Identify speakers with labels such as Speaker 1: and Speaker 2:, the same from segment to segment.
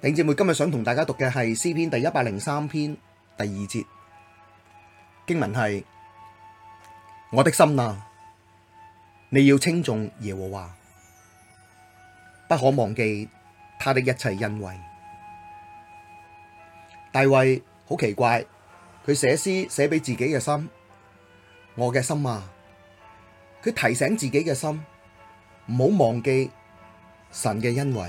Speaker 1: 弟兄姊妹，今日想同大家讀嘅係詩篇第一百零三篇第二節，經文係：我的心啊，你要稱頌耶和華，不可忘記他的一切恩惠。大衛好奇怪，佢寫詩寫俾自己嘅心，我嘅心啊，佢提醒自己嘅心，唔好忘記神嘅恩惠。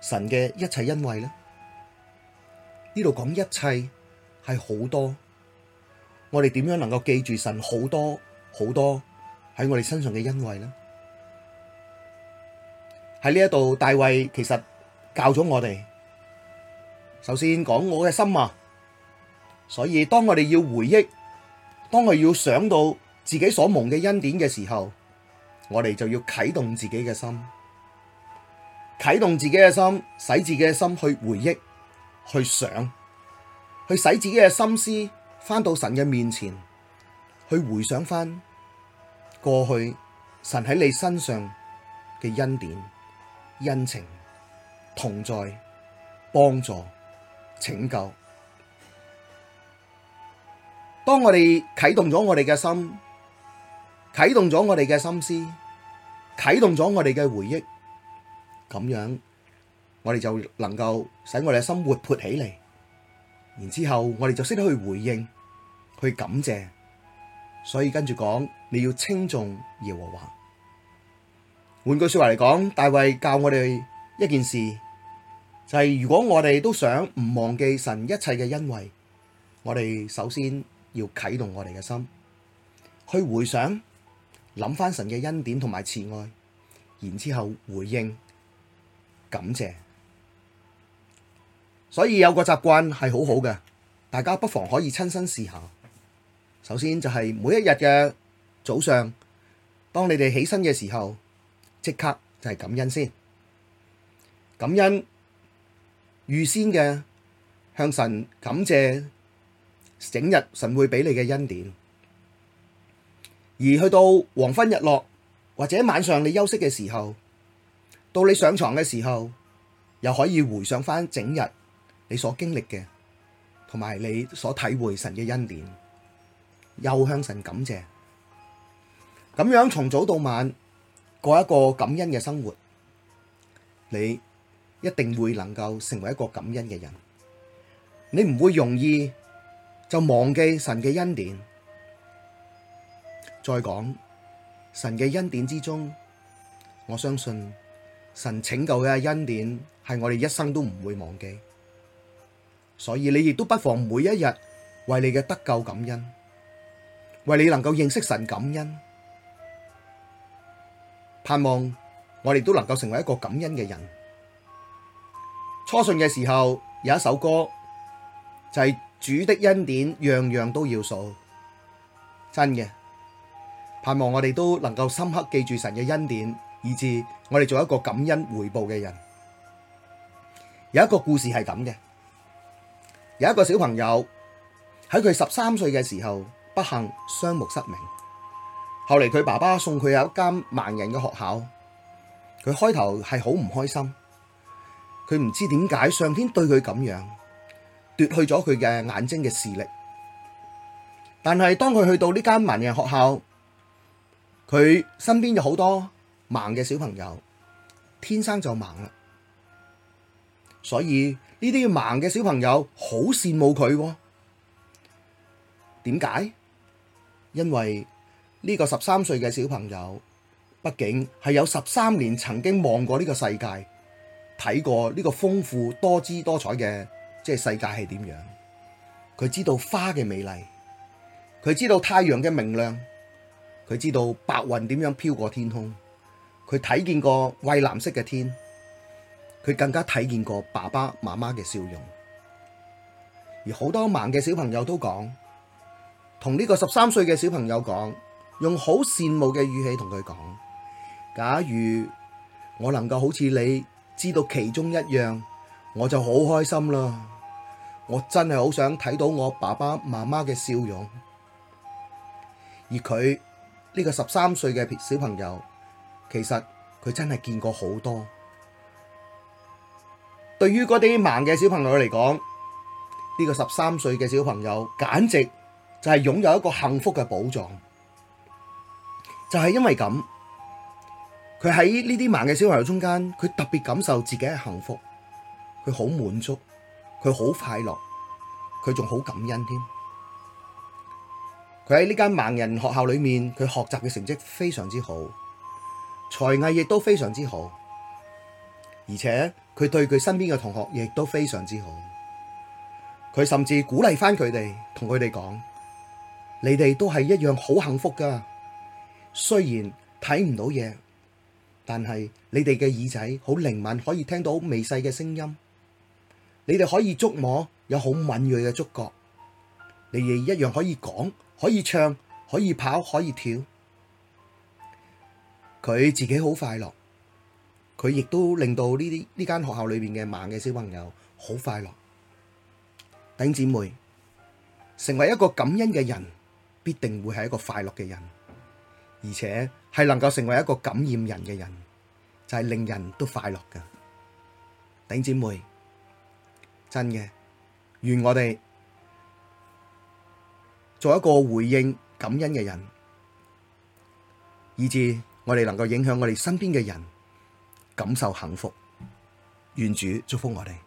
Speaker 1: 神嘅一切恩惠呢，呢度講一切係好多，我哋點樣能夠記住神好多好多喺我哋身上嘅恩惠呢？喺呢一度大衛其實教咗我哋，首先講，我嘅心啊，所以當我哋要回憶，當我哋要想到自己所蒙嘅恩典嘅時候，我哋就要啟動自己嘅心。啟動自己嘅心，使自己嘅心去回憶、去想、去使自己嘅心思翻到神嘅面前，去回想翻過去神喺你身上嘅恩典、恩情、同在、幫助、拯救。當我哋啟動咗我哋嘅心，啟動咗我哋嘅心思，啟動咗我哋嘅回憶。咁樣，我哋就能夠使我哋嘅心活潑起嚟。然之後，我哋就識得去回應、去感謝。所以跟住講，你要稱頌耶和華。換句說話嚟講，大衛教我哋一件事，就係如果我哋都想唔忘記神一切嘅恩惠，我哋首先要啟動我哋嘅心，去回想、諗返神嘅恩典同埋慈愛，然之後回應。感謝，所以有個習慣係好好嘅，大家不妨可以親身試下。首先就係每一日嘅早上，當你哋起身嘅時候，即刻就係感恩先，感恩預先嘅向神感謝，整日神會俾你嘅恩典。而去到黃昏日落或者晚上你休息嘅時候，到你上床嘅時候，又可以回想翻整日你所經歷嘅，同埋你所體會神嘅恩典，又向神感謝。咁樣從早到晚過一個感恩嘅生活，你一定會能夠成為一個感恩嘅人。你唔會容易就忘記神嘅恩典。再講，神嘅恩典之中，我相信。神拯救嘅恩典係我哋一生都唔會忘記，所以你亦都不妨每一日為你嘅得救感恩，為你能夠認識神感恩，盼望我哋都能夠成為一個感恩嘅人。初信嘅時候有一首歌就係主的恩典，樣樣都要數，真嘅，盼望我哋都能夠深刻記住神嘅恩典。以至我哋做一個感恩回報嘅人。有一個故事係咁嘅，有一個小朋友喺佢十三歲嘅時候不幸雙目失明，後嚟，佢爸爸送佢入一間盲人嘅學校。佢開頭係好唔開心，佢唔知點解上天對佢咁樣奪去咗佢嘅眼睛嘅視力。但係當佢去到呢間盲人學校，佢身邊有好多。盲嘅小朋友天生就盲啦，所以呢啲盲嘅小朋友好羨慕佢喎。點解？因為呢個十三歲嘅小朋友，畢竟係有十三年曾經望過呢個世界，睇過呢個豐富多姿多彩嘅即係世界係點樣。佢知道花嘅美麗，佢知道太陽嘅明亮，佢知道白雲點樣飄過天空。佢睇見過蔚藍色嘅天，佢更加睇見過爸爸媽媽嘅笑容。而好多盲嘅小朋友都講，同呢個十三歲嘅小朋友講，用好羨慕嘅語氣同佢講：「假如我能夠好似你知道其中一樣，我就好開心啦！我真係好想睇到我爸爸媽媽嘅笑容。而佢，呢個十三歲嘅小朋友。其實佢真係見過好多，對於嗰啲盲嘅小朋友嚟講，呢個十三歲嘅小朋友簡直就係擁有一個幸福嘅寶藏。就係因為咁，佢喺呢啲盲嘅小朋友中間，佢特別感受自己嘅幸福，佢好滿足，佢好快樂，佢仲好感恩添。佢喺呢間盲人學校裏面，佢學習嘅成績非常之好。才藝亦都非常之好，而且佢對佢身邊嘅同學亦都非常之好。佢甚至鼓勵翻佢哋，同佢哋講：「你哋都係一樣好幸福噶。雖然睇唔到嘢，但係你哋嘅耳仔好靈敏，可以聽到微細嘅聲音。你哋可以觸摸，有好敏銳嘅觸覺。你哋一樣可以講、可以唱、可以跑、可以跳。佢自己好快樂，佢亦都令到呢啲呢間學校裏邊嘅盲嘅小朋友好快樂。頂姊妹成為一個感恩嘅人，必定會係一個快樂嘅人，而且係能夠成為一個感染人嘅人，就係令人都快樂嘅。頂姊妹，真嘅，願我哋做一個回應感恩嘅人，以致。我哋能夠影響我哋身邊嘅人，感受幸福，願主祝福我哋。